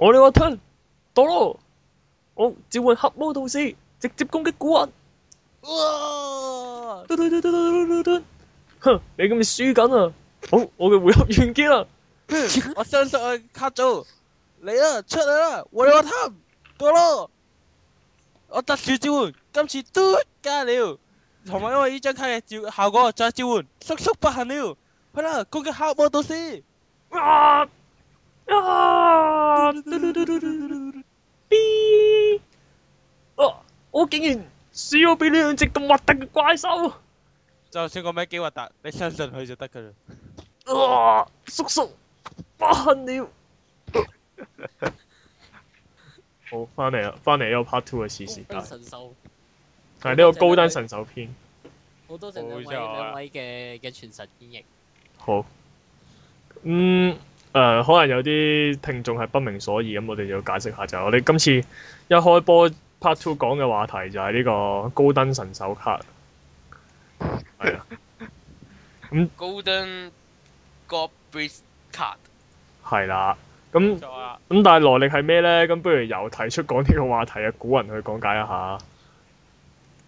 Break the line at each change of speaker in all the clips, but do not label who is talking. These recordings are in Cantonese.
我哋話吞到咯，我召喚黑魔導師，直接攻擊古惑。哇！哼，你咁咪輸緊啊！好，我嘅回合完結啦。哼，我相
信我卡組，嚟啦，出嚟啦！我哋話吞到咯，我特殊召喚，今次多加了，同埋因為呢張卡嘅召效果再召喚，速速不行了。嚟啦，攻擊黑魔導師。
啊！我竟然輸咗俾呢兩隻咁核突嘅怪獸！
就算個名幾核突，你相信佢就得噶
啦！哇、啊，叔叔，不幸 了！好，翻嚟啦，翻嚟呢個 part two 嘅時間。神獸，係呢個高登神獸篇。好
多，多謝兩位謝兩位嘅嘅、啊、傳神演繹。
好，嗯。誒、uh, 可能有啲聽眾係不明所以，咁我哋要解釋下，就係、我哋今次一開波 part two 講嘅話題就係呢個高登神獸卡，係 啊，咁
高登 god beast card
係啦，咁咁、啊嗯嗯、但係來歷係咩咧？咁不如由提出講呢個話題嘅古人去講解一下。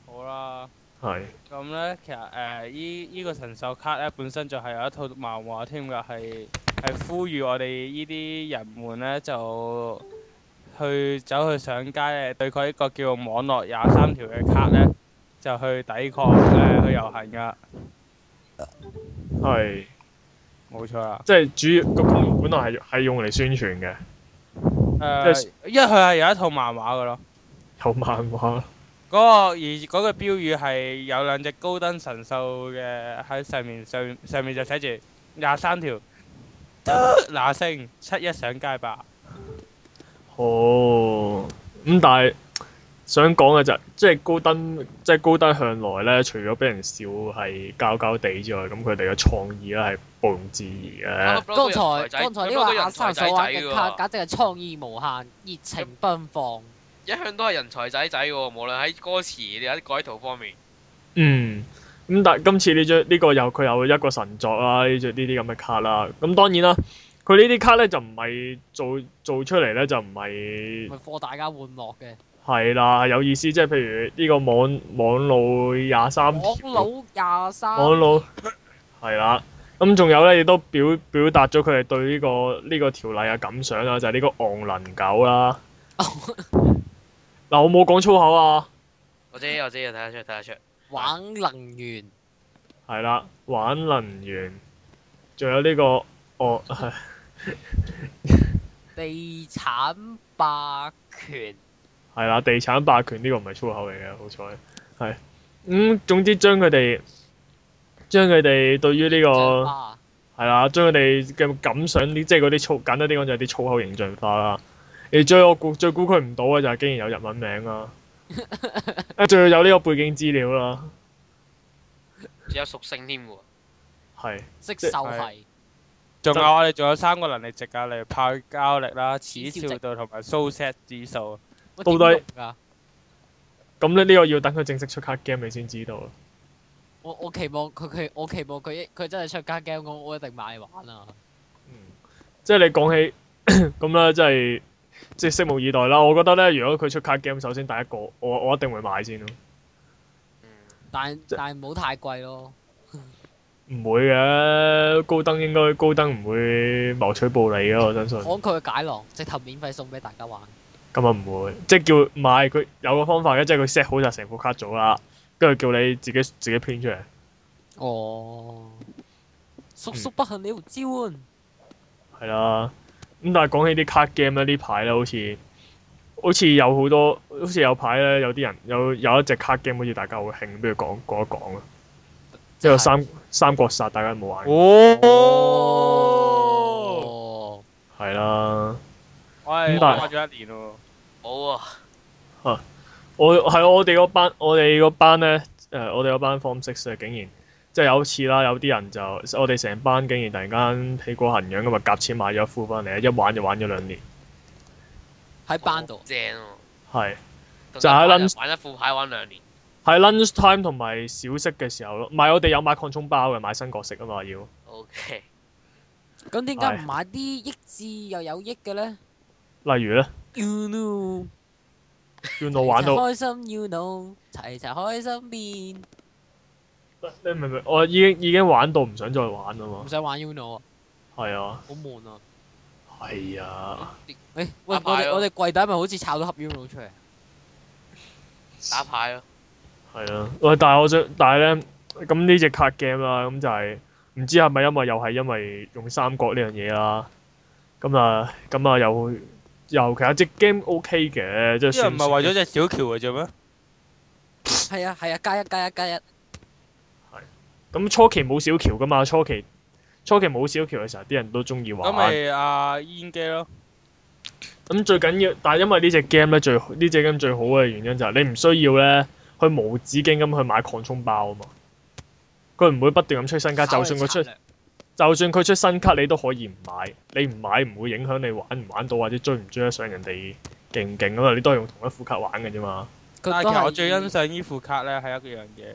好啦，
係是。
咁咧，其實誒依依個神獸卡咧，本身就係有一套漫畫添㗎，係。係呼籲我哋呢啲人們呢，就去走去上街，誒，對佢一個叫網絡廿三條嘅卡呢，就去抵抗，誒，去遊行噶
係，冇錯啊，即係主要個功能本來係係用嚟宣傳嘅。
誒、
呃，一佢係有一套漫畫噶咯。有漫畫、那個。
嗰個而嗰個標語係有兩隻高登神獸嘅喺上面，上面上面就寫住廿三條。嗱，聲七一上街吧。
哦，咁但係想講嘅就即係高登，即係高登向來咧，除咗俾人笑係膠膠哋之外，咁佢哋嘅創意咧係不容置疑嘅。剛才剛才呢個亞三所玩嘅卡，
簡直係創意無限，熱情奔放。一向都係人才仔仔喎，無論喺歌詞定喺改圖方面。嗯。
咁但今次呢張呢個又佢有一個神作啦、啊，呢張呢啲咁嘅卡啦、啊。咁當然啦，佢呢啲卡咧就唔係做做出嚟咧，就唔係
畀大家玩樂
嘅。係啦，有意思、就是，即係譬如呢個網網絡廿三，
網絡
廿三，網絡係路 啦。咁仲有咧，亦都表表達咗佢哋對呢、這個呢、這個條例嘅感想啦、啊，就係、是、呢個昂撚狗啦、啊。嗱、 啊，我冇講粗口啊！
我知我知，睇得出睇得出。看看玩能源，
係啦，玩能源，仲有呢個哦 地，
地產霸權，
係啦，地產霸權呢個唔係粗口嚟嘅。好彩，係，嗯，總之將佢哋，將佢哋對於呢個，係啦化，將佢哋嘅感想，啲即係嗰啲粗，簡單啲講就係啲粗口形象化啦。你最我估最估佢唔到嘅就係竟然有日文名啊！誒，仲要有呢個背景資料啦，仲
有屬性添嘅喎，係，識受惠，
仲有我
哋仲
有三個能力值啊，例如派膠力啦、
恥笑度
同埋蘇石指
數到底，咁呢？呢個要等佢正式出卡 game 你先知道
啊！我我期望佢佢我期望佢佢真係出卡 game，我我一定買玩啊！嗯，
即係你講起咁啦，即係。即係拭目以待啦！我覺得咧，如果佢出卡 game，首先第一個，我我一定會買先咯。嗯，
但即但唔好太貴咯。唔
會嘅，高登應該高登唔會謀取暴利嘅，我相信。講
佢 解囊，直頭免費送俾大家玩。
咁啊唔會，即係叫買佢有個方法嘅，即係佢 set 好晒成副卡組啦，跟住叫你自己自己編出嚟。哦。
叔叔不幸你招。
係啦、嗯。咁但係講起啲卡 game 咧，呢排咧好似好似有好多，好似有排咧有啲人有有一隻卡 game 好似大家好興，不如講講一講啊！即係對三對三,三國殺，大家有冇玩？哦，係、哦哦、啦。喂但是我係玩
咗一年咯。冇啊。
我係我哋嗰班，我哋嗰班咧，誒、呃，我哋嗰班 Form Six 啊，竟然～即係有次啦，有啲人就我哋成班竟然突然間起過鴻樣咁啊，夾錢買咗一副翻嚟，一玩就玩咗兩年。
喺班度、哦、正
喎、哦。係是。就喺 lunch 玩
一副牌玩兩年。
喺 lunch time 同埋小息嘅時候咯，唔係我哋有買擴充包嘅，買新角色啊嘛要。O K。咁點解唔
買啲益智又有益嘅呢？
例如呢 You know。要我玩到。 開
心，You know，齊齊開心變。
你明唔明？我已經已經玩到唔想再玩啦嘛！唔想玩 Uno 啊！
係啊！好悶啊！係啊！誒，喂，我哋我哋櫃底咪好似抄咗盒 Uno 出嚟？打
牌咯！係啊！喂，但係我想，但係咧，咁呢隻卡 game 啦，咁就係唔知係咪因為又係因為用三角呢樣嘢啦？咁啊，咁啊，又又其他隻 game OK 嘅，即係。啲人唔係為咗隻小喬嘅啫咩？係啊
係啊，加一加一加一！
咁初期冇小喬噶嘛，初期初期冇小喬嘅時候，啲人都中意玩。咁咪
阿煙機咯。
咁最緊要，但係因為呢隻 game 咧最呢隻 game 最好嘅原因就係你唔需要咧去無止境咁去買擴充包啊嘛。佢唔會不斷咁出新卡，就算佢出，就算佢出新卡，你都可以唔買。你唔買唔會影響你玩唔玩到，或者追唔追得上人哋勁唔勁啊嘛。你都係用同一副卡玩嘅啫嘛。但
係我最欣賞依副卡咧係一樣嘢。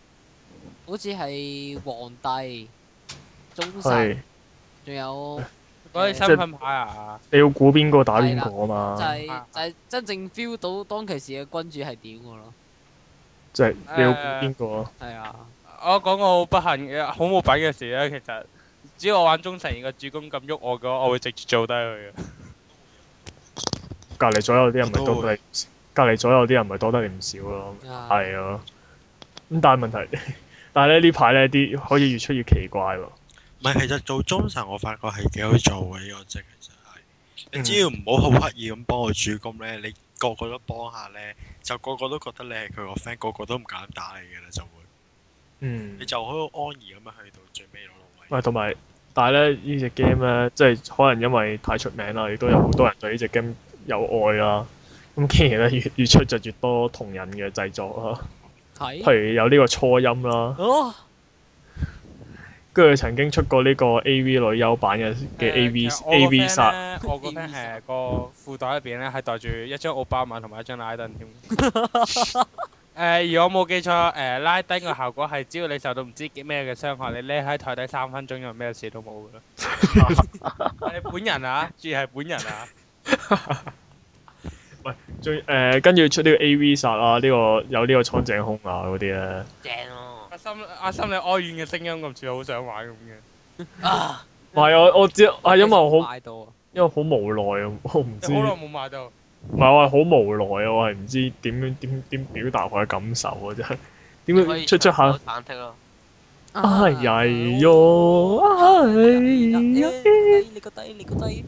好似係皇帝忠臣，仲是有嗰啲身份牌啊！你要
估邊個打邊個啊？嘛，就
係就係真正 feel 到當其時嘅君主係點嘅咯。
即係你要估
邊個？係啊、哎，
我講個好不幸嘅、好冇品嘅事咧。其實只要我玩忠臣而個主公咁喐我嘅話，我會直接做低佢嘅。
隔籬左右啲人咪係多得，哦、隔籬左右啲人咪多得你唔少咯。係啊、嗯，咁但係問題。 但係呢排呢啲可以越出越奇怪喎。唔係，其實做忠臣我發覺係幾好做嘅，呢個職，其實係。只要唔好好刻意咁幫我主
公呢，你個個都幫下呢，就個個都覺得你係佢個 friend，個個都唔敢打你嘅啦就會。
嗯。你
就好安逸咁樣去
到最尾攞到位。同埋、嗯，但係咧呢隻 game 呢，即係可能因為太出名啦，亦都有好多人對呢隻 game 有愛啊。咁，既然咧越越出就越多同人嘅製作咯。譬如有呢個初音啦，跟住、啊、曾經出過呢個 AV 女優版嘅嘅 AV AV 殺。
我覺得係個褲袋入邊咧係袋住一張奧巴馬同埋一張拉登添。誒、 呃，如果冇記錯，誒、呃、拉登嘅效果係只要你受到唔知咩嘅傷害，你匿喺台底三分鐘就咩事都冇噶，啦。 你本人啊，注意，係本人啊。 喂，最
誒跟住出呢個 A.V. 殺啊，呢個有呢個蒼井空啊嗰啲啊，正哦！阿
心阿心，你哀怨嘅聲音咁似，好想玩咁嘅啊！
唔係啊，我知，係因為我好因為好無奈啊！我唔知好耐冇買到。唔係我係好無奈啊！我係唔知點樣點點表達我嘅感受啊！真係點樣出出下反擊咯！哎喲，哎喲，你個低你個低，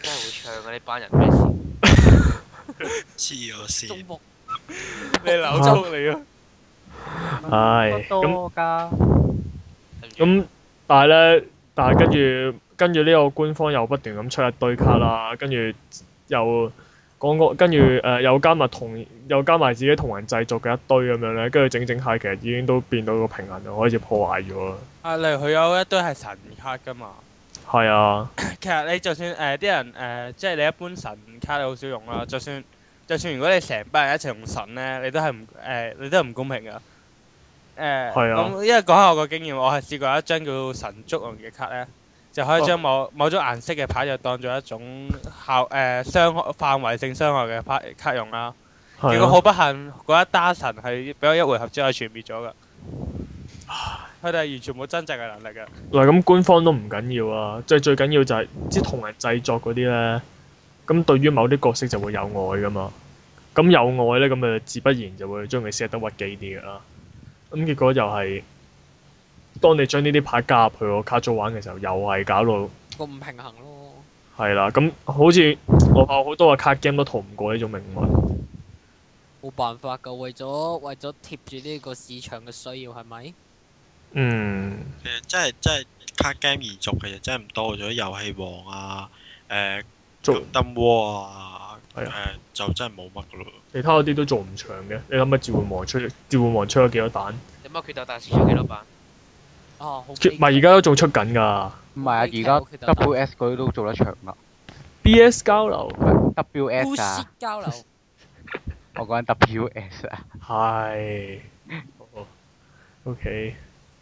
真係
會唱啊！呢班人咩
黐咗線，你扭左你啊，唉，咁咁但係咧，但係跟住跟住呢個官方又不斷咁出一堆卡啦，跟住又講過跟住誒、呃、又加埋同又加埋自己同人製作嘅一堆咁樣咧，跟住整整下其實已經都變到個平衡就開始破壞咗
啊，例如佢有一堆係神卡噶嘛。
係啊，
其實你就算誒，啲、呃、人誒、呃，即係你一般神卡你好少用啦。就算就算如果你成班人一齊用神咧，你都係唔誒，你都係唔公平噶。誒、呃，係是啊、嗯。咁因為講下我個經驗，我係試過一張叫神捉用嘅卡咧，就可以將某、哦、某種顏色嘅牌就當做一種效誒傷、呃、害範圍性傷害嘅牌卡，卡用啦。是啊、結果好不幸，嗰一打神係俾我一回合之後全滅咗噶。啊。佢哋係完全冇真正嘅能力
嘅。嗱、 嗯，咁官方都唔緊要啊，即係最緊要就係啲同人製作嗰啲咧。咁對於某啲角色就會有愛噶嘛。咁有愛咧，咁誒自不然就會將佢寫得屈機啲噶啦。咁結果又係，當你將呢啲牌加入去個卡組玩嘅時候，又係搞到個
唔平衡咯。
係啦，咁好似我怕好多個卡 game 都逃唔過呢種命運。
冇辦法噶，為咗為咗貼住呢個市場嘅需要，係咪？
嗯，其
實真係真係卡 game 而做嘅，又真係唔多咗。遊戲王啊，誒，捉燈窩啊，誒，就真係冇乜噶咯。
其他嗰啲都做唔長嘅。你諗下召喚王出，召喚王出咗幾多彈？有
冇決鬥大師出幾多版？
哦，唔係而家都仲出緊噶。唔係啊，而家 W S 嗰啲都做得長啦。B S 交流
，W S 啊。我講緊 W S 啊，係。
O K。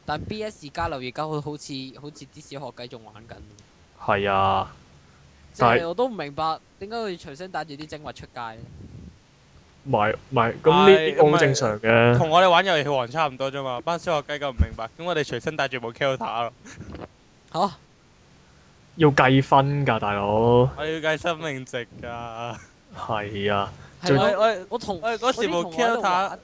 但係 B.S. 加流而家，佢好似好似啲小學雞仲玩緊。
係啊，即係是 但 我
都唔明白點解會隨身帶住啲精華出街。唔
係唔係咁呢啲咁正常嘅。同我哋玩
遊戲王差唔多啫嘛，班小學雞咁唔明白，咁我哋隨身帶住部 K.O. 塔咯。吓、
啊？要計分噶，大佬。
我要計生命值噶。
係 啊，即係我我我同我嗰時部 K.O. 塔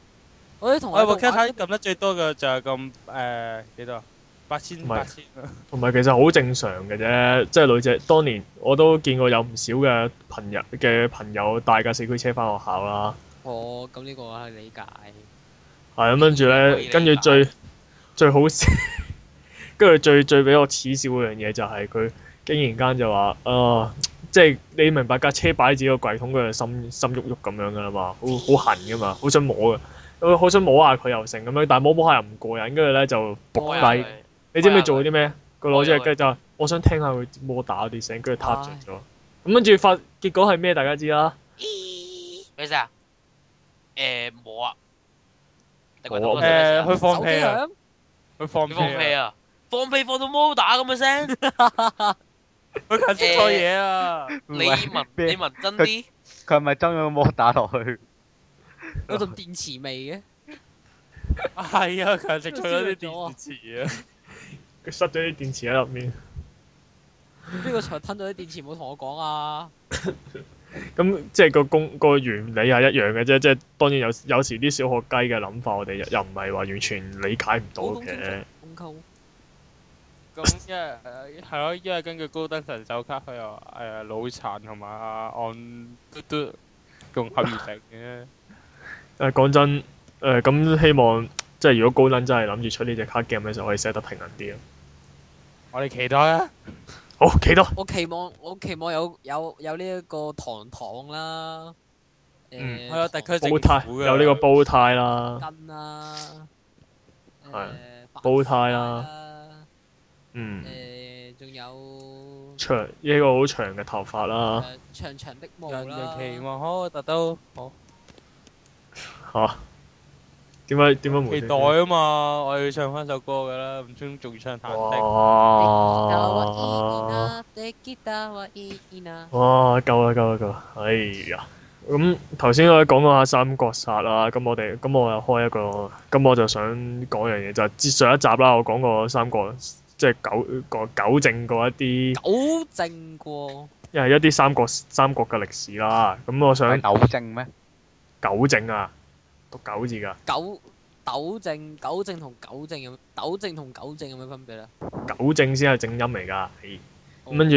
我啲同我有
部卡卡撳得最多嘅就係咁，誒，幾多八千，唔係八千，
同埋其實好正常嘅啫，即係女仔當年我都見過有唔少嘅朋友嘅朋友帶架四驅車翻學校啦。
哦，咁呢個我理解。係
咁、嗯，跟住咧，跟住最最好笑，笑，跟住最最俾我恥笑嗰樣嘢就係佢，竟然間就話啊，即、呃、係、就是、你明白架車擺喺自己個櫃桶嗰度，心心喐喐咁樣噶啦嘛，好好痕噶嘛，好想摸嘅。我好想摸下佢又成咁樣，但係摸摸下又唔過癮，跟住咧就仆低。
你知唔知做
啲咩？佢攞咗隻雞就話：我想聽下佢摩打啲聲，跟住撻着咗。咁跟住發結果係咩？大家知啦。
咩聲啊？誒，冇啊。誒，佢放屁啊！佢放放屁啊！放屁放到摩打咁嘅聲。佢係識錯嘢啊！你聞你聞真啲。
佢係咪真有摩打落去？
有陣電池味
嘅，係啊、 哎，佢食咗啲電池啊，佢 塞咗啲電池喺入面。
邊個才吞咗啲電池？冇同我講啊！
咁即係個公個原理係一樣嘅啫，即係當然有有時啲小學雞嘅諗法我，我哋又唔係話完全理解唔到嘅。
拱溝，咁
因為咯，因為、 啊、根據高登神手卡佢又誒腦殘同埋阿岸嘟嘟仲合唔成嘅。
誒講真，誒、呃、咁希望，即係如果高登真係諗住出呢隻卡 game 嘅時候，可以寫得平衡啲咯。我哋期待啊！好，期待。我
期望，我期望有有有呢一個糖糖啦，
誒、呃，係、嗯、啊，特區政府有呢個煲呔啦，呃、啦，煲呔啦，嗯，仲有長呢、這個好長嘅頭髮啦
長，長長的毛期望可可達好。
吓？點解點解唔期待
啊嘛？我要唱翻首歌噶啦，唔通仲唱忐
忑？哦，哇！啊、哇！夠啦，夠啦，夠啦！哎呀，咁頭先我講過下三國殺啦，咁、嗯、我哋咁、嗯、我又開一個，咁、嗯、我就想講樣嘢，就係、是、上一集啦，我講過三國，即係糾個糾正過一啲糾
正過，
因為一啲三國三國嘅歷史啦，咁、嗯、我想糾正咩？糾正啊！讀九字噶，
九斗正、九正同九正，正，正有，九正同九正有咩分別咧？
九正先係正音嚟噶，跟住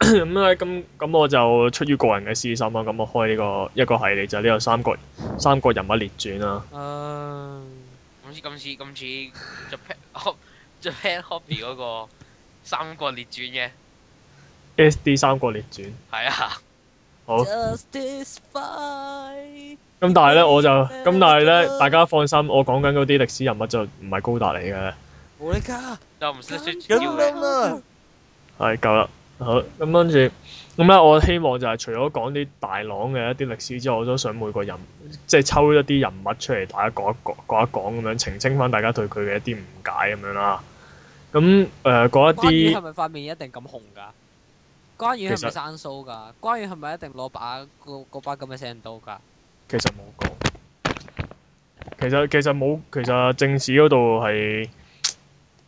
咁咁咁我就出於個人嘅私心啦，咁我開呢、呢個一個系列就係呢個三國三國人物列傳啦。
咁似咁似咁似就 Japan Hobby 嗰個三國列傳嘅
SD 三國列傳
係啊。 好。
咁、嗯、但係咧我就，咁沒但係咧大家放心，我講緊嗰啲歷史人物就唔係高達嚟嘅。
摩力加又唔識識叫你。係夠啦，
好。咁跟住，咁咧我希望就係除咗講啲大朗嘅一啲歷史之外，我都想每個人即係、就是、抽一啲人物出嚟，大家講一講，講一講咁樣澄清翻，大家對佢嘅一啲誤解咁樣啦。咁誒， 嗰一啲。關係咪
塊面一定咁紅噶？關羽係咪生鬚㗎？關羽係咪一定攞把嗰把咁嘅聖刀噶？
其實冇講。其實其實冇，其實正史嗰度係，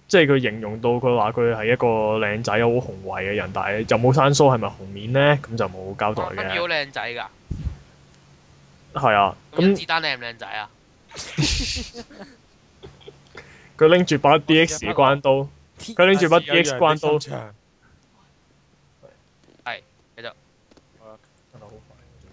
即係佢形容到佢話佢係一個靚仔，好雄偉嘅人，但係又冇生鬚，係咪紅面呢？咁就冇交代嘅。關羽好
靚
仔噶。係啊。咁子
丹靚唔靚仔啊？
佢拎住把 D X 關刀，佢拎住把 D X 關刀。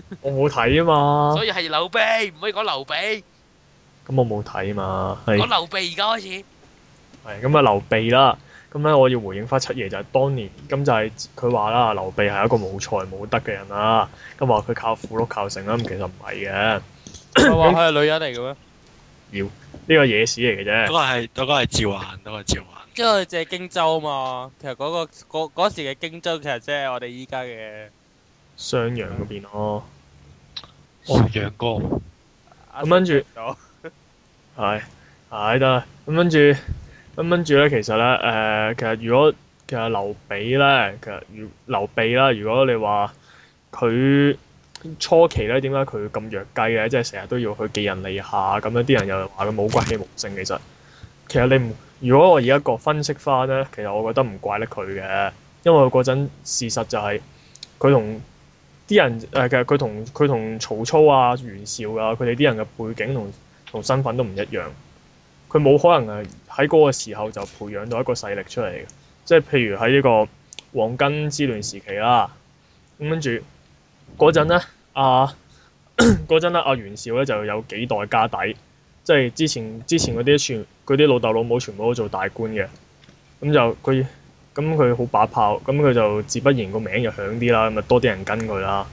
我冇睇啊嘛，所以係
劉備，唔可以講劉備。
咁我冇睇啊嘛，講劉
備而家開始。
係咁啊，劉備啦，咁咧我要回應翻七爺就係當年咁就係佢話啦，劉備係一個冇才冇德嘅人啦，咁話佢靠苦祿靠成啦，咁其實唔係嘅。
佢係話佢係女
人嚟嘅咩？要 Lol .呢 個野史嚟嘅啫。嗰個係，嗰個係趙雲，嗰個趙雲。
因為借荊州嘛，其實嗰、嗰個嗰嗰、嗰個、時嘅荊州其實即係我哋依家嘅。
襄陽嗰邊咯，襄陽光。咁跟住係係，得、哦。咁跟住咁跟住咧。其實咧，誒、呃，其實如果其實劉備咧，其實如劉備啦，如果你話佢初期咧，點解佢咁弱雞嘅？即係成日都要去寄人籬下咁樣，啲人又話佢冇骨氣、無性。其實其實你唔如果我而家個分析翻咧，其實我覺得唔怪得佢嘅，因為嗰陣事實就係佢同。啲人誒，其實佢同佢同曹操啊、袁紹、啊，啊佢哋啲人嘅背景同同身份都唔一樣，佢冇可能係喺嗰個時候就培養到一個勢力出嚟嘅，即係譬如喺呢個黃巾之亂時期啦，咁跟住嗰陣咧啊嗰陣咧啊袁紹咧就有幾代家底，即係之前之前嗰啲全嗰啲老豆老母全部都做大官嘅，咁就佢。咁佢好把炮，咁佢就自不然個名響就響啲啦，咁咪多啲人跟佢啦。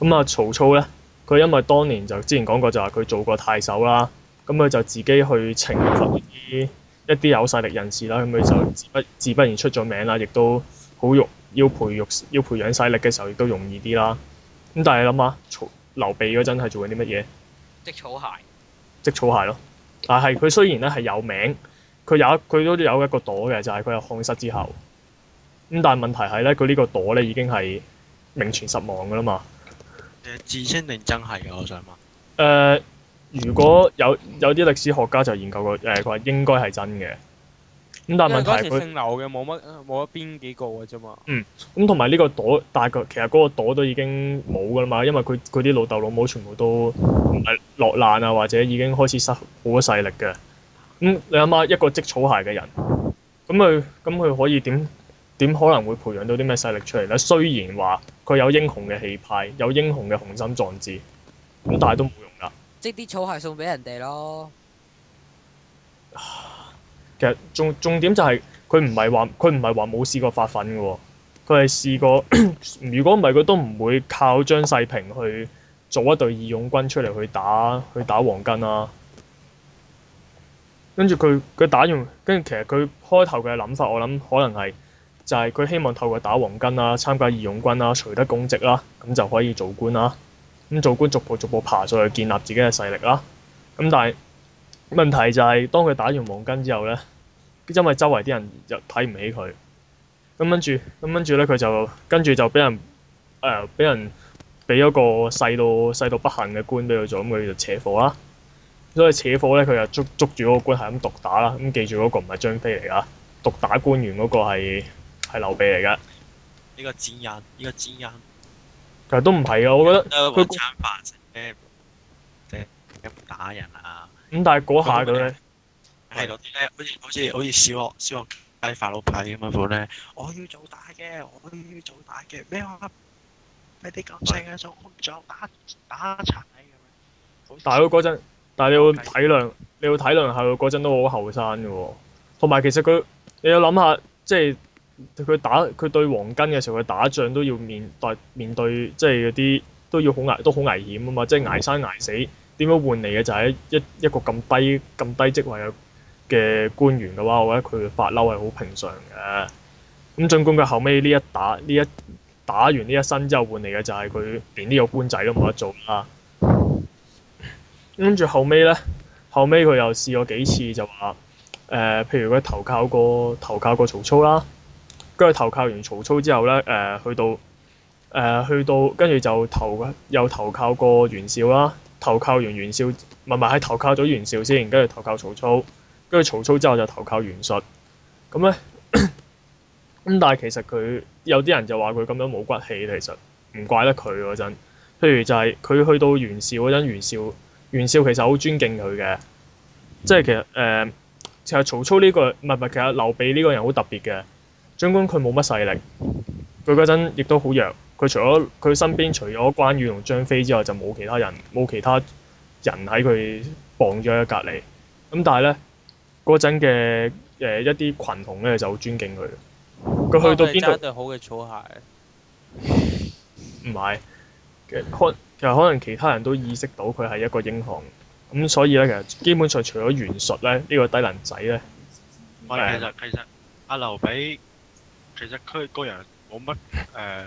咁啊，曹操呢，佢因為當年就之前講過，就話佢做過太守啦，咁佢就自己去懲罰一啲一啲有勢力人士啦，咁佢就自不自不然出咗名啦，亦都好育要培育要培養勢力嘅時候，亦都容易啲啦。咁但係你諗下，曹劉備嗰陣係做緊啲乜嘢？
織草鞋。
織草鞋咯，但係佢雖然咧係有名，佢有佢都有一個朵嘅，就係佢係漢室之後。咁但係問題係咧，佢呢個朵咧已經係名存實亡噶啦嘛。
誒，自稱定真係嘅，我想問。
誒、呃，如果有有啲歷史學家就研究過，誒、呃，佢話應該係真嘅。咁但係問題，姓
劉嘅冇乜冇一邊
幾個噶啫嘛嗯。
嗯。咁同埋呢個朵，大概其實嗰個朵都已經冇噶啦嘛，因為佢佢啲老豆老母全部都唔落難啊，或者已經開始失好多勢力嘅。咁、嗯、你阿媽一個織草鞋嘅人，咁佢咁佢可以點？點可能會培養到啲咩勢力出嚟呢？雖然話佢有英雄嘅氣派，有英雄嘅雄心壯志，咁但係都冇用㗎。
即啲草鞋送俾人哋咯。
其實重重點就係佢唔係話佢唔係話冇試過發奮嘅喎，佢係試過。 如果唔係佢都唔會靠張世平去做一隊義勇軍出嚟去打去打黃巾啦、啊。跟住佢佢打完，跟住其實佢開頭嘅諗法，我諗可能係。就係佢希望透過打黃巾啊、參加義勇軍啊、取得功績啦，咁就可以做官啦。咁做官逐步逐步爬上去，建立自己嘅勢力啦。咁但係問題就係，當佢打完黃巾之後咧，因為周圍啲人就睇唔起佢，咁跟住咁跟住咧，佢就跟住就俾人誒俾、呃、人俾咗個細到細到不幸嘅官俾佢做，咁佢就扯火啦。所以扯火咧，佢就捉捉住嗰個官，係咁毒打啦。咁記住嗰個唔係張飛嚟㗎，毒打官員嗰個係。係劉備嚟噶
呢個賤人，呢、呢個賤人。其
實都唔係啊。我覺得佢食餐
飯啫，即係打人啊。
咁但係嗰下咧係嗰啲好
似好似好似小學小學啲法老派咁嘅款咧。我要做打嘅，我要做打嘅咩話？你哋咁細嘅做做打打柴咁。
但係佢嗰陣，
但係你要體
諒，你要體諒下佢嗰陣都好後生噶。同埋其實佢你要諗下，即係。佢打佢對黃巾嘅時候，佢打仗都要面對面對，即係嗰啲都要好危都好危險啊嘛！即係捱生捱死，點樣換嚟嘅就係一一一個咁低咁低職位嘅嘅官員嘅話，我覺得佢發嬲係好平常嘅。咁儘管佢後屘呢一打呢一打完呢一身之後，換嚟嘅就係佢連呢個官仔都冇得做啦。跟住後屘呢，後屘佢又試過幾次就話誒、呃，譬如佢投靠過投靠過曹操啦。跟住投靠完曹操之後咧，誒去到誒去到，跟、呃、住就投又投靠過袁紹啦、啊。投靠完袁紹，唔係唔係，係投靠咗袁紹先，跟住投靠曹操。跟住曹操之後就投靠袁術。咁咧咁，但係其實佢有啲人就話佢咁樣冇骨氣，其實唔怪得佢嗰陣。譬如就係佢去到袁紹嗰陣，袁紹袁紹其實好尊敬佢嘅，即係其實誒、呃，其實曹操呢、這個唔係唔係，其實劉備呢個人好特別嘅。將軍佢冇乜勢力，佢嗰陣亦都好弱。佢除咗佢身邊除咗關羽同張飛之外，就冇其他人，冇其他人喺佢傍咗喺隔籬。咁、嗯、但係咧，嗰陣嘅誒一啲群雄咧就好尊敬佢。佢去到邊度都有一
對好嘅草鞋、啊。
唔係，可其實可能其他人都意識到佢係一個英雄。咁、嗯、所以咧，其實基本上除咗袁術咧，呢、呢個低能仔咧實、呃，其實其
實阿劉備。其實佢個人冇乜誒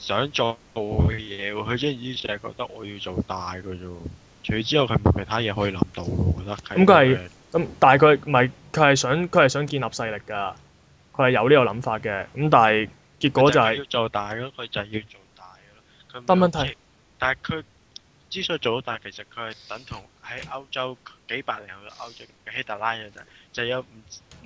想做嘅嘢喎，佢只係覺得我要做大嘅啫喎。除咗之後，佢冇其他嘢可以諗到嘅喎，我覺得、嗯。咁佢係
咁，但係佢唔係佢係想佢係想建立勢力㗎。佢係有呢個諗法嘅。咁但係結果就係、是、要做大咯。佢就係要做大咯。冇問題。
但係佢之所以做到大，其實佢係等同喺歐洲幾百年後嘅歐洲嘅希特拉嘅就就有唔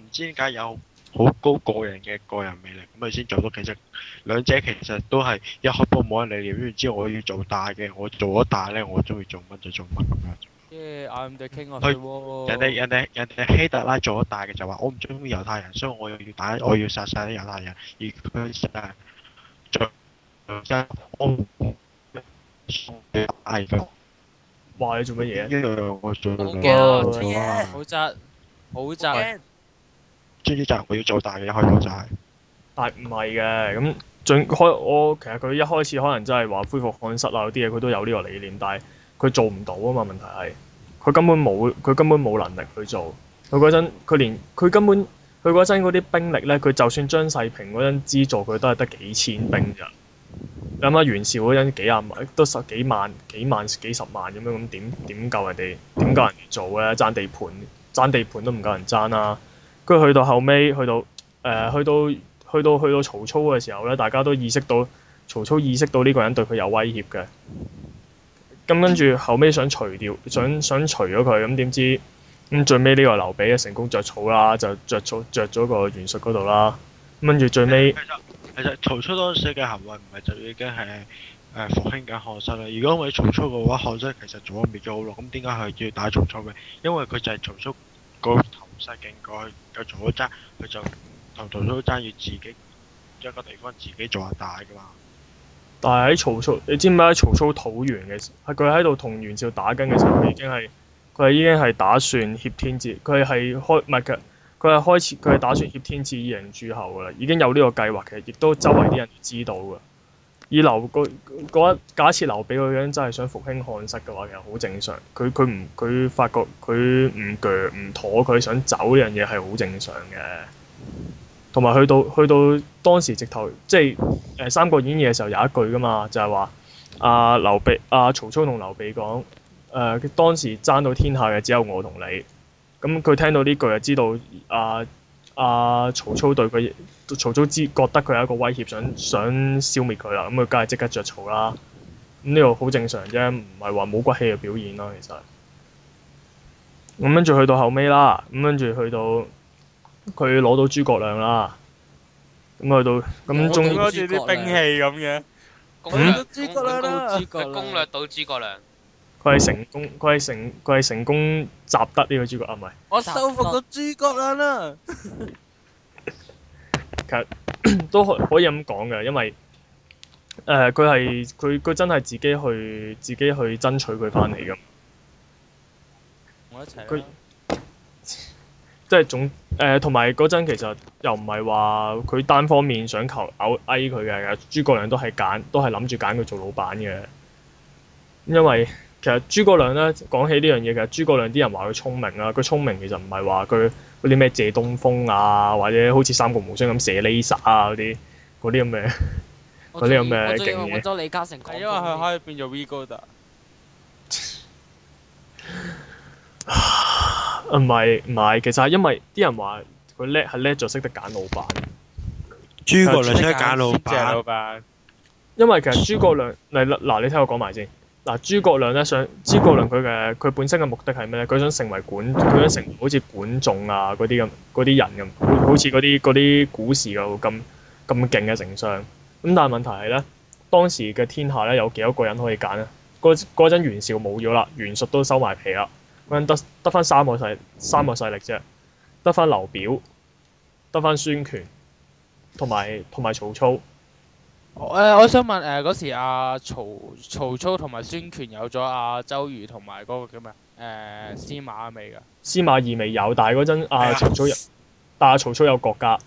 唔知點解有。好高個人嘅個人魅力，咁咪先做到。其實兩者其實都係一開波冇乜理念，然之後我要做大嘅，我做咗大咧，我中意做乜就做乜咁樣。即係 I'm the king
啊！去人哋
人哋人哋希特拉做咗大嘅就話我唔中意猶太人，所以我又要打我要殺曬啲猶太人，而佢就係最而家我唔係佢話你做
乜嘢？好勁啊！好正，
好正。呢啲就係佢要做大嘅一開始就係，
但唔係嘅咁，準開我其實佢一開始可能真係話恢復漢室啊嗰啲嘢，佢都有呢個理念，但係佢做唔到啊嘛。問題係佢根本冇，佢根本冇能力去做。佢嗰陣，佢連佢根本佢嗰陣嗰啲兵力咧，佢就算張世平嗰陣資助佢都係得幾千兵咋。你諗下袁紹嗰陣幾廿萬，都十幾萬、幾萬、幾十萬咁樣，樣，咁點點夠人哋點夠人哋做咧？爭地盤，爭地盤都唔夠人爭啊！跟住去到後尾，去到誒、呃，去到去到去到，去到曹操嘅時候呢，大家都意識到曹操意識到呢個人對佢有威脅嘅。咁跟住後尾想除掉，想想除咗佢，咁點知咁最尾呢個劉備成功着草啦，就着草著咗個袁術嗰度啦。咁跟住最尾
其，其實曹操當時嘅行為唔係就已經係誒復興緊漢室咧。如果唔係曹操嘅話，漢室其實仲未做好落，咁點解佢要打曹操嘅？因為佢就係曹操個頭使勁過去，佢曹操佢就同曹操爭，要自己一個地方自己做下大噶嘛。
但係喺曹操，你知唔知喺曹操討完嘅時，佢喺度同袁紹打緊嘅時候，佢已經係佢係已經係打算挾天子，佢係開唔係嘅，佢係開始佢係打算挾天子以迎諸侯噶啦，已經有呢個計劃嘅，其實亦都周圍啲人知道噶。以劉個嗰一假設，劉備個樣真係想復興漢室嘅話，其實好正常。佢佢唔佢發覺佢唔鋸唔妥，佢想走呢樣嘢係好正常嘅。同埋去到去到當時直頭即係、呃、《三國演義》嘅時候有一句㗎嘛，就係話阿劉備阿、啊、曹操同劉備講誒、呃、當時爭到天下嘅只有我同你。咁、嗯、佢聽到呢句就知道阿。啊啊！曹操對佢，曹操知覺得佢係一個威脅，想想消滅佢啦。咁佢梗係即刻着草啦。呢個好正常啫，唔係話冇骨氣嘅表現咯，其實。咁跟住去到後尾啦，咁跟住去到，佢攞到諸葛亮啦。咁去到，咁仲攞住啲兵器咁嘅。攻略。嗯？攻
攻攻。攻略
到諸葛亮。
佢係成功，佢係成佢係成功集得呢個諸葛啊！唔係
我收服咗諸葛亮啦。Jamie，
其實都可可以咁講嘅，因為誒佢係佢佢真係自己去自己去爭取佢翻嚟㗎。我一齊、嗯。
佢
即係總誒，同埋嗰陣其實又唔係話佢單方面想求偶 a 佢嘅，諸葛亮都係揀都係諗住揀佢做老闆嘅，因為。其實諸葛亮咧，講起呢樣嘢,其實諸葛亮啲人話佢聰明啊。佢聰明其實唔係話佢嗰啲咩借東風啊，或者好似三國無雙咁射 Laser 啊嗰啲，嗰啲咁嘅，嗰啲咁嘅勁嘢。
我因為佢可
以變做 V 哥
噠。唔係唔係，其實係因為啲人話佢叻係叻就識得揀老闆。諸葛亮識得揀老闆。因為其實諸葛亮，嗱嗱、嗯，你聽我講埋先。嗱，諸葛亮咧想，諸葛亮佢嘅佢本身嘅目的係咩咧？佢想成為管，佢想成為好似管仲啊嗰啲咁嗰啲人咁，好似嗰啲嗰啲古時又咁咁勁嘅丞相。咁但係問題係咧，當時嘅天下咧有幾多個人可以揀咧？嗰嗰陣袁紹冇咗啦，袁術都收埋皮啦，嗰陣得得返三個勢，三個勢力啫，得返劉表，得返孫權，同埋同埋曹操。誒，我想問誒，
嗰時阿曹曹操同埋孫權有咗阿周瑜同埋嗰個叫咩誒司馬未㗎？
司馬懿未有，但係嗰陣阿曹操有，但係曹操有郭嘉，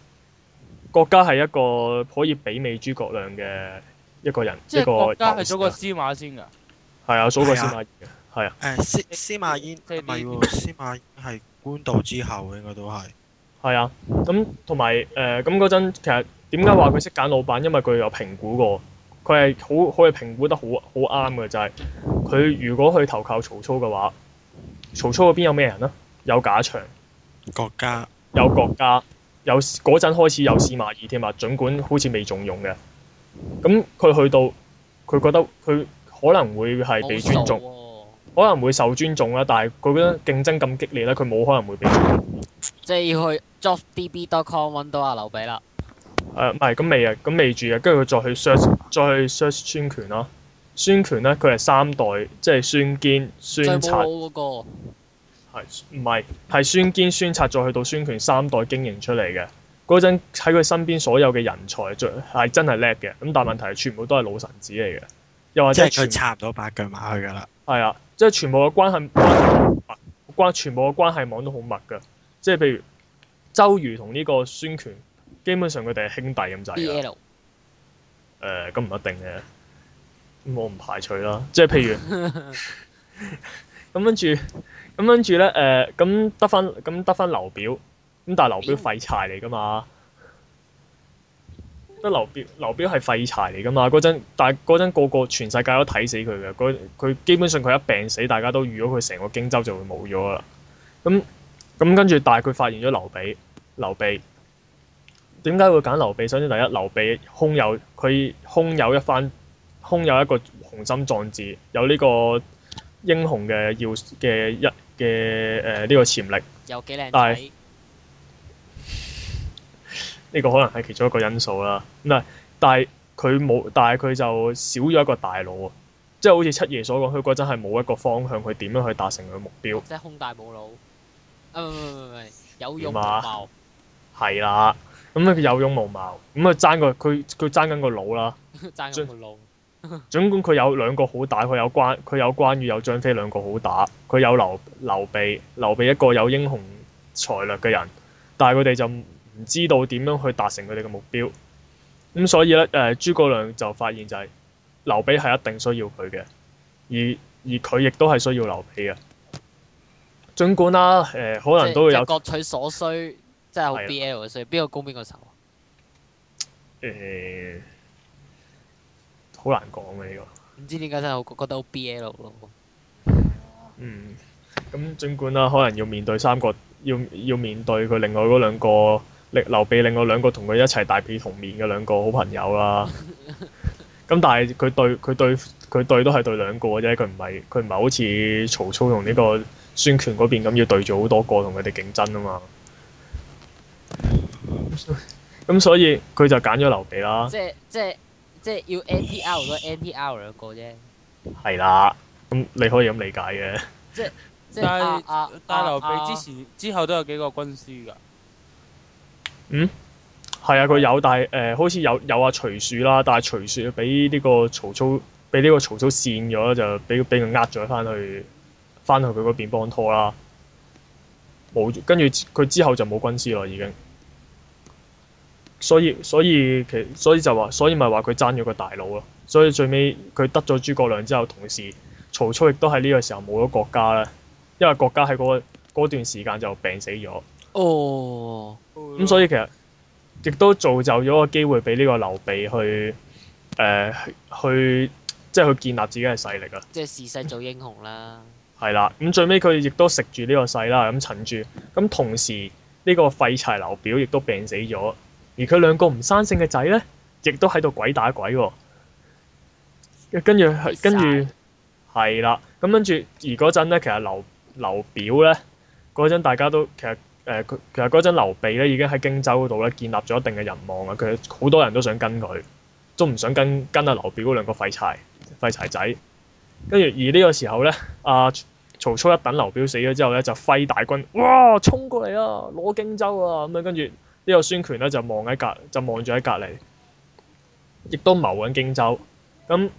郭嘉係一個可以媲美諸葛亮嘅一個人。即係郭嘉係
早過司馬先㗎？
係啊，早過司馬懿嘅，係啊。司
司馬懿，唔係喎，司馬係官渡之後應該都係。
係啊，咁同埋誒，咁嗰陣其實。點解話佢識揀老闆？因為佢有評估過，佢係好好，係評估得好好啱嘅。就係、是、佢如果去投靠曹操嘅話，曹操嗰邊有咩人啊？有假祥，國家有國家有嗰陣開始有司馬懿添啊。儘管好似未重用嘅，咁佢去到佢覺得佢可能會係被尊重，啊、可能會受尊重啦。但係佢覺得競爭咁激烈咧，佢冇可能會被尊重。
即係要去 jobdb.com 揾到阿劉備啦。
誒，唔係咁未啊，咁未、呃、住啊，跟住佢再去 search，再去 search 孫權咯。孫權咧，佢係三代，即係孫堅、孫策。係冇唔係？係 孫堅、孫策，再去到孫權三代經營出嚟嘅。嗰陣喺佢身邊所有嘅人才，最係真係叻嘅。咁但係問題係全部都係老臣子嚟嘅，又或者。即係佢插到把腳埋去㗎啦。係啊，即係全部嘅關係關全部嘅關係網都好密㗎。即係譬如周瑜同呢個孫權。基本上佢哋係兄弟咁滯啊。咁、呃、唔一定嘅。我唔排除啦，即係譬如咁 跟住，咁跟住咧，誒、呃，咁得翻，咁得翻劉表，咁但係劉表廢柴嚟噶嘛？得劉表，劉表係廢柴嚟噶嘛？嗰陣，但係嗰陣個個全世界都睇死佢嘅。佢佢基本上佢一病死，大家都預咗佢成個荊州就會冇咗啦。咁咁跟住，但係佢發現咗劉備，劉備。點解會揀劉備？首先，第一，劉備空有佢空有一番空有一個雄心壯志，有呢個英雄嘅要嘅一嘅誒呢個潛力。有幾靚仔？但係呢個這個可能係其中一個因素啦。唔係，但係佢冇，但係佢就少咗一個大腦啊！即係好似七爺所講，佢嗰陣係冇一個方向，佢點樣去達成佢目標？
即係胸大冇腦。唔、嗯、唔、嗯嗯、有
用冇？係啦。咁佢有勇無謀，咁佢爭個佢佢爭緊個腦啦，爭緊個腦。儘管佢有兩個好打，佢有關佢有關羽有張飛兩個好打，佢有劉劉備，劉備一個有英雄才略嘅人，但係佢哋就唔知道點樣去達成佢哋嘅目標。咁所以呢，誒、呃，諸葛亮就發現就係劉備係一定需要佢嘅，而而佢亦都係需要劉備嘅。儘管啦、啊，誒、呃，可能即都會有各
取所需。真係好 B L，所以邊、欸，個攻邊個受啊？誒，好難講嘅呢個唔知點解真係我覺得好 B L
咯。嗯。咁，儘管啦、啊，可能要面對三個，要要面對佢另外嗰兩個，令劉備另外兩個同佢一齊大被同眠嘅兩個好朋友啦、啊。咁、 嗯、但係佢對佢對佢對，對都係對兩個嘅啫，佢唔係佢唔係好似曹操同呢個孫權嗰邊咁要對住好多個同佢哋競爭啊嘛。咁、嗯、所以佢、嗯、就揀咗劉備啦。
即係即係即係要 NTR 咯，NTR 嘅個啫。
係啦，咁、嗯、你可以咁理解嘅。即係即
係但係
但係劉備之前之後都有幾個軍師噶。啊
啊啊、嗯？係啊，佢有，但係誒、呃，好似有有啊，徐庶啦，但係徐庶俾呢個曹操俾呢個曹操跣咗，就俾俾佢呃咗翻去翻去佢嗰邊幫拖啦。冇，跟住佢之後就冇軍師啦，已經。所以所以其所以就話，所以咪話佢爭咗個大佬咯。所以最尾佢得咗諸葛亮之後，同時曹操亦都喺呢個時候冇咗郭嘉咧，因為郭嘉喺嗰段時間就病死咗。哦。咁、嗯、的所以其實亦都造就咗一個機會俾呢個劉備去誒、呃、去即係去建立自己嘅勢力啊。
即係時勢造英雄啦。
係啦，咁最尾佢亦都食住呢個勢啦，咁趁住，咁同時呢個廢柴劉表亦都病死咗，而佢兩個唔生性嘅仔咧，亦都喺度鬼打鬼喎，哦。跟住跟住係啦，咁了跟住而嗰陣咧，其實劉劉表咧，嗰陣大家都其實誒，其實嗰陣，呃、劉備咧已經喺荊州嗰度咧建立咗一定嘅人望啦，佢好多人都想跟佢，都唔想跟跟阿劉表嗰兩個廢柴廢柴仔。跟住，而呢個時候咧，阿、啊、曹操一等劉表死咗之後咧，就揮大軍，哇，衝過嚟啊，攞荊州啊！咁啊，跟住呢個孫權咧就望喺隔，就望住喺隔離，亦都謀緊荊州。咁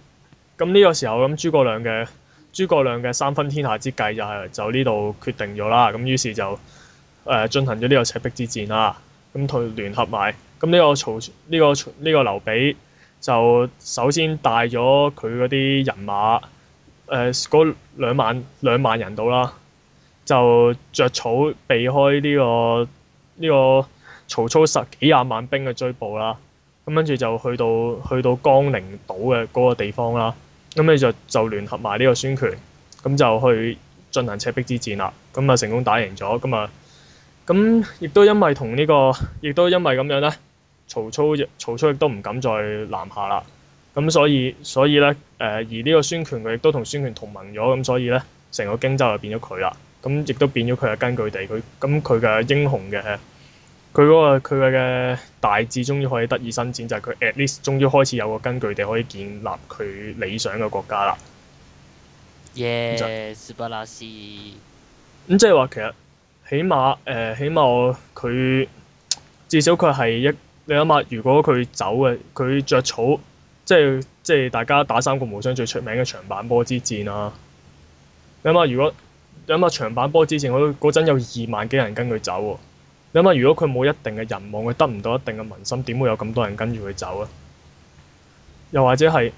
咁呢個時候咁，諸葛亮嘅諸葛亮嘅三分天下之計就係就呢度決定咗啦。咁於是就誒、呃、進行咗呢個赤壁之戰啦。咁同聯合埋，咁呢個曹呢、呢個呢、呢個呢個呢個劉備就首先帶咗佢嗰啲人馬。誒，嗰兩萬兩萬人到啦，就着草避開呢個呢個曹操十幾廿萬兵嘅追捕啦，咁跟住就去到去到江陵島嘅嗰個地方啦，咁跟住就就聯合埋呢個孫權，咁就去進行赤壁之戰啦，咁啊成功打贏咗，咁啊咁亦都因為同呢個，亦都因為咁樣咧，曹操曹操亦都唔敢再南下啦。咁、嗯、所以所以呢，誒、呃、而呢個孫權佢亦都同孫權同盟咗，咁所以呢，成個荊州就變咗佢啦。咁、嗯、亦都變咗佢嘅根據地，佢咁佢嘅英雄嘅，佢嗰個佢嘅大志終於可以得以伸展，就係、是、佢 at least 終於開始有個根據地可以建立佢理想嘅國家啦。
Yeah，Sparlas 咁
即係話其實起碼誒、呃，起碼我佢至少佢係一你諗下，如果佢走嘅，佢着草。即係即係大家打三國無雙最出名嘅長坂坡之戰啊！你諗下，如果你諗下、啊、長坂坡之戰，我都嗰陣有二萬幾人跟佢走喎、啊。你諗下，如果佢冇一定嘅人望，佢得唔到一定嘅民心，點會有咁多人跟住佢走啊？又或者係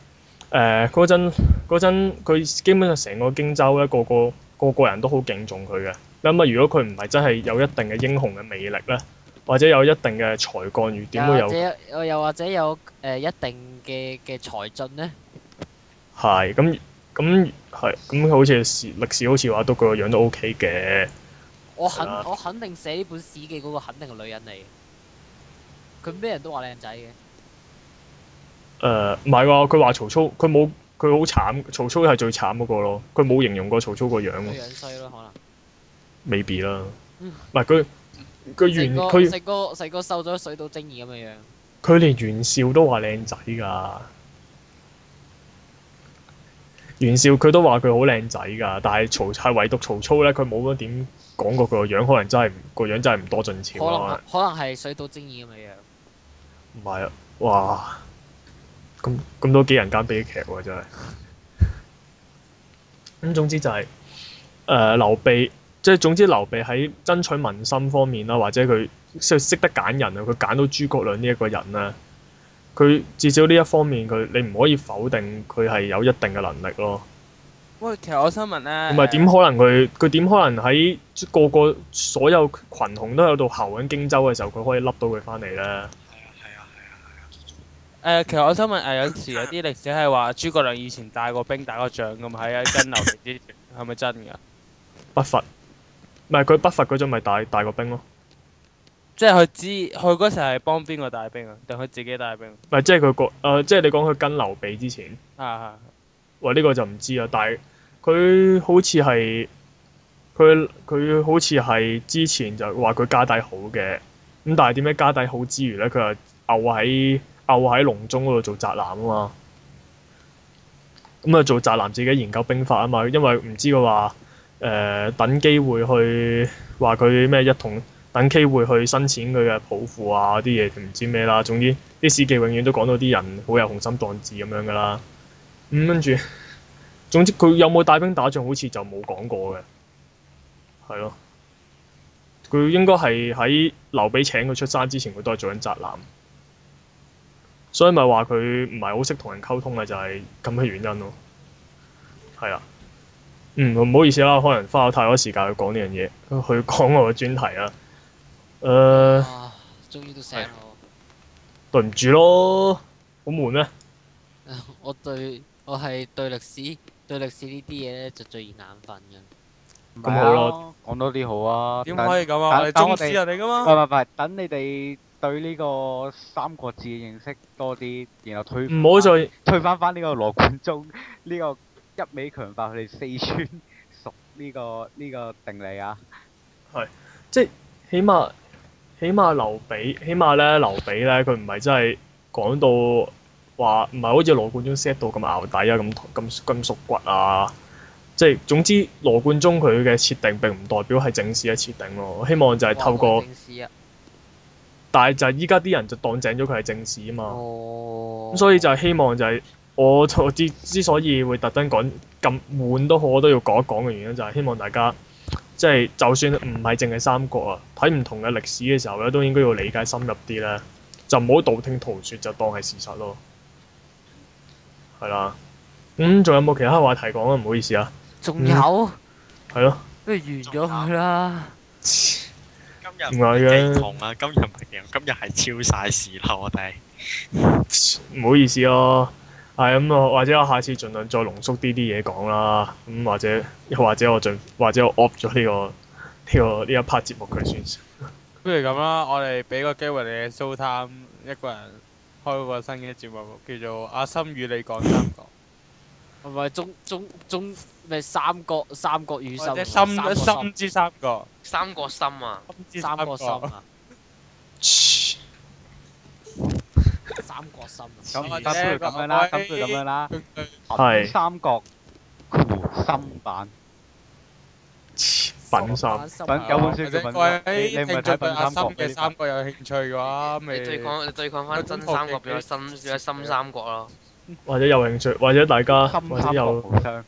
誒嗰陣嗰陣，佢、呃、基本上成個荊州咧，個個個個人都好敬重佢嘅。你諗下，如果佢唔係真係有一定嘅英雄嘅魅力咧，或者有一定嘅才幹與點會有
又？又或者有誒、呃、一定。嘅嘅才俊咧，
係咁咁係咁，好似歷史好似話，都佢個樣都 OK 嘅。
我肯、啊、我肯定寫呢本史記嗰個肯定係女人嚟。佢咩人都話靚仔
嘅。誒，唔係喎，佢話曹操佢冇佢好慘。曹操係最慘嗰個咯。佢冇形容過曹操個樣喎。樣衰咯，可能未必。Maybe 啦。唔係佢佢原佢成
個食個食個瘦咗水到精兒咁嘅樣。
佢連袁紹都話靚仔噶，袁紹佢都話佢好靚仔噶，但係曹操係唯獨曹操呢。佢冇乜點講過佢個樣，可能真係唔個樣真係唔多俊俏啊！可
能可能係水土爭異咁嘅樣。
唔係啊！哇，咁咁多幾人間悲劇喎，啊，真係。咁總之就係，是、誒、呃、劉備。即係總之，劉備喺爭取民心方面啦，或者佢即識得揀人啊，佢揀到諸葛亮呢一個人啊，佢至少呢一方面，佢你唔可以否定佢係有一定嘅能力咯。
喂，其實我想問咧，唔係點
可能佢佢點可能喺個個所有群雄都有度候緊荊州嘅時候，佢可以笠到佢翻嚟咧？
係啊，係啊，係啊，係啊。誒，其實我想問誒，呃、有時有啲歷史係話諸葛亮以前帶過兵打過仗咁喺啊，跟劉備之前係咪真㗎？
不凡。唔係佢北伐嗰陣，咪帶帶個兵咯。
即係佢知，佢嗰時係幫邊個帶兵啊？定佢、啊、自己帶兵？唔
係，即係佢個誒，即係你講佢跟劉備之前。啊啊！哇、啊，呢、呃呢個就唔知啊，但係佢好似係，佢佢好似係之前就話佢家底好嘅。咁但係點解家底好之餘呢？佢又牛喺牛喺隆中嗰度做宅男啊嘛？咁啊，做宅男自己研究兵法啊嘛，因為唔知佢話。誒、呃、等機會去話佢咩一同等機會去申請佢嘅抱負啊，啲嘢就唔知咩啦，總之啲史記永遠都講到啲人好有雄心壯志咁樣噶啦。嗯，跟住，總之佢有冇帶兵打仗好似就冇講過嘅，係咯。佢應該係喺劉備請佢出山之前，佢都係做緊宅男。所以咪話佢唔係好識同人溝通啊，就係咁嘅原因咯。係啊。嗯，唔好意思啦，可能花咗太多時間去講呢樣嘢，去講我嘅專題啊。誒、呃啊，終於都醒，對唔住咯，好悶啊。
我對我係對歷史對歷史呢啲嘢咧就最易眼瞓嘅。咁好咯，
講、啊、多啲好啊。點可以咁啊？等等等我哋人哋噶嘛。唔係唔係，等你哋對呢個《三國志》嘅認識多啲，然後推唔好再推翻翻呢個羅貫中呢、呢個。一味強
化佢哋四川屬呢、 呢個呢、呢個定理啊，係即係起碼起碼劉備起碼咧，劉備咧佢唔係真係講到話唔係好似羅貫中 set 到咁熬底啊，咁咁咁縮骨啊，即係總之羅貫中佢嘅設定並唔代表係正史嘅設定咯。我希望就係透過、啊、但係就係依家啲人就當正咗佢係正史啊嘛，咁、哦、所以就係希望就係、是。我之之所以會特登講咁悶都好，我都要講一講嘅原因就係希望大家即係、就是、就算唔係淨係三國啊，睇唔同嘅歷史嘅時候咧，都應該要理解深入啲咧，就唔好道聽途說就當係事實咯。係啦，咁、嗯、仲有冇其他話題講啊？唔好意思啊。仲有。係咯、嗯。
不如完咗佢啦。
唔係嘅。同
啊！今日唔係，今日係超晒時喇。我哋。
唔 好意思哦、啊。係咁咯，或者我下次儘量再濃縮啲啲嘢講啦。咁、嗯、或者又或者我盡或者我 off 咗呢個呢、呢個呢一 part 節目佢算實
不如咁啦，我哋俾個機會你，show time 一個人開嗰個新嘅節目，叫做《阿心與你講三角》。唔係 中中中
咩？三角三角宇宙，或者心心之三角，三角心啊，三,三,三個心啊。
三國心咁而家都要咁樣啦，都要咁樣啦，係三國苦心版品心品，有冇興趣品？你唔係對阿三國嘅三
國有興趣嘅話，咪對抗對抗翻真三國變咗新
變咗新三國咯。
或者有興趣，或者大家或者有
係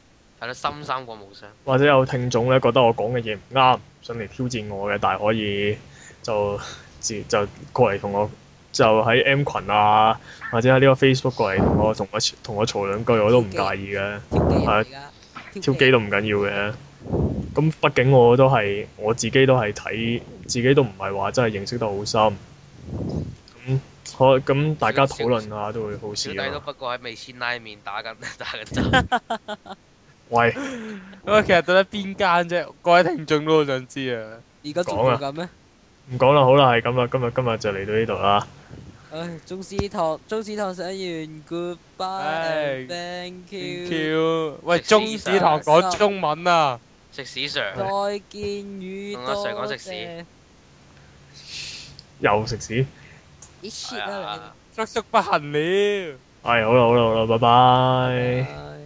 咯新三國無雙，
或者有聽眾咧覺得我講嘅嘢唔啱，想嚟挑戰我嘅，但係可以就自就過嚟同我。就喺 M 群啊，或者喺呢個 Facebook 過嚟，我同我同我嘈兩句，我都唔介意嘅，係挑機都唔緊要嘅。咁畢竟我都係我自己都係睇，自己都唔係話真係認識得好深。咁可咁大家討論下都會好少。
不過喺味千拉麵打緊打緊戰。
喂，
喂，其實
到底邊間啫？各位聽眾都好想知啊。而家仲講緊咩？唔講啦，好啦，係咁啦，今日今日就嚟到呢度啦。唉，中史、哎、堂，中
史堂上完，goodbye、哎、thank you。Thank you. 喂，中史屎堂講中文啊？食屎 Sir！再見宇多。我阿 Sir 講食屎，
又食屎。
以前啊，叔叔不行
了。
係，好啦好啦好啦，拜拜。拜拜。